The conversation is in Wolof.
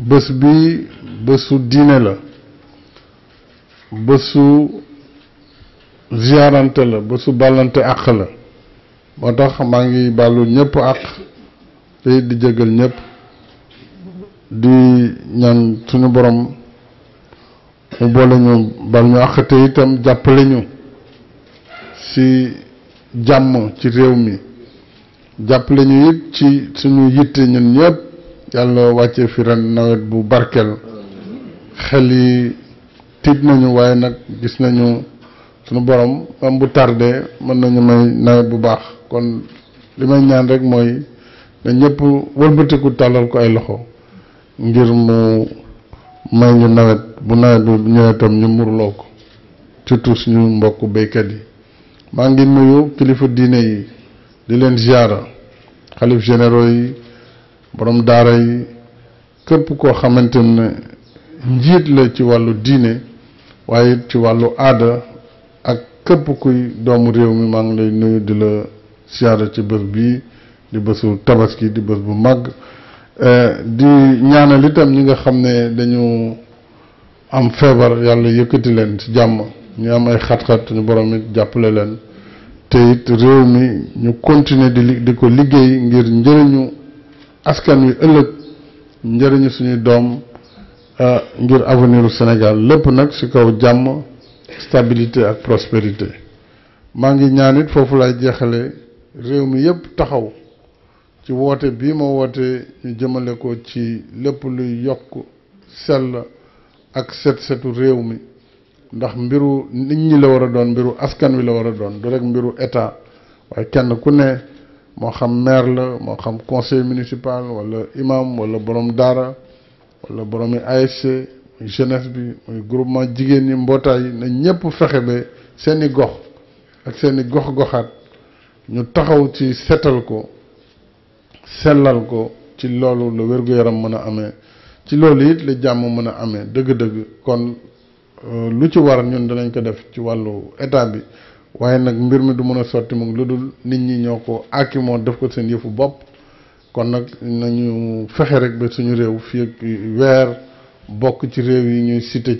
bés bi bésu diine la bésu ziarante la bésu bàllante àq la moo tax maa ngi bàllu ñëpp àq te di jégal ñépp di ñaan suñu borom mu boole ñu bal ñu àq te itam jàppale ñu ci jàmm ci réew mi jàppale ñu it ci suñu yitte ñun ñëpp yalla wacce fi ran nawet bu barkel xel yi tiit nañu waaye nag gis nañu sunu borom am bu tardé mën nañu may nawet bu baax kon li may ñaan rek mooy na ñëpp wëlbatiku talal ko ay loxo ngir mu may ñu nawet bu nawet bu ñëwee tam ñu murloo ko tous ñu mbokk béykat yi maa ngi nuyu kilifa diine yi di leen ziara xalif généraux yi borom daara yi képp koo xamante ne njiit la ci wàllu diine waaye ci wàllu aada ak képp kuy doomu réew mi maa ngi lay nuyu di la siyaara ci bés bii di bésu tabaski di bés bu màgg eh, di ñaanal itam ñi nga xam ne dañu am feebar yàlla yëkkati leen ci jàmm ñu am ay xat-xat suñu borom it jàppale leen te it réew mi ñu continuer di di ko liggéey ngir njëriñu askan wi ëllëg njëriñu suñuy doom ah, ngir aveniru u Sénégal lépp nag ci kaw jàmm stabilité ak prospérité maa ngi ñaan it foofu laay jeexale réew mi yëpp taxaw ci woote bii ma woote ñu jëmale ko ci lépp luy yokk sell ak set setu réew mi ndax mbiru nit ñi la war a doon mbiru askan wi la war a doon du rek mbiru état waaye kenn ku ne moo xam maire la moo xam conseil municipal wala imam wala borom daara wala borom yi ASC muy jeunesse bi muy groupement jigéen ñi mbootaay yi na ñëpp fexe ba seen i gox ak seen i gox-goxaat ñu taxaw ci seetal ko sellal ko ci loolu la wér yaram mën a amee ci loolu it la jàmm mën a amee dëgg-dëgg kon euh, lu ci war ñun danañ ko def ci wàllu état bi waaye nag mbir mi du mën a sotti mu lu dul nit ñi ñoo ko aakimoo def ko seen yëfu bopp kon nag nañu fexe rek ba suñu réew fii ak weer bokk ci réew yi ñuy cité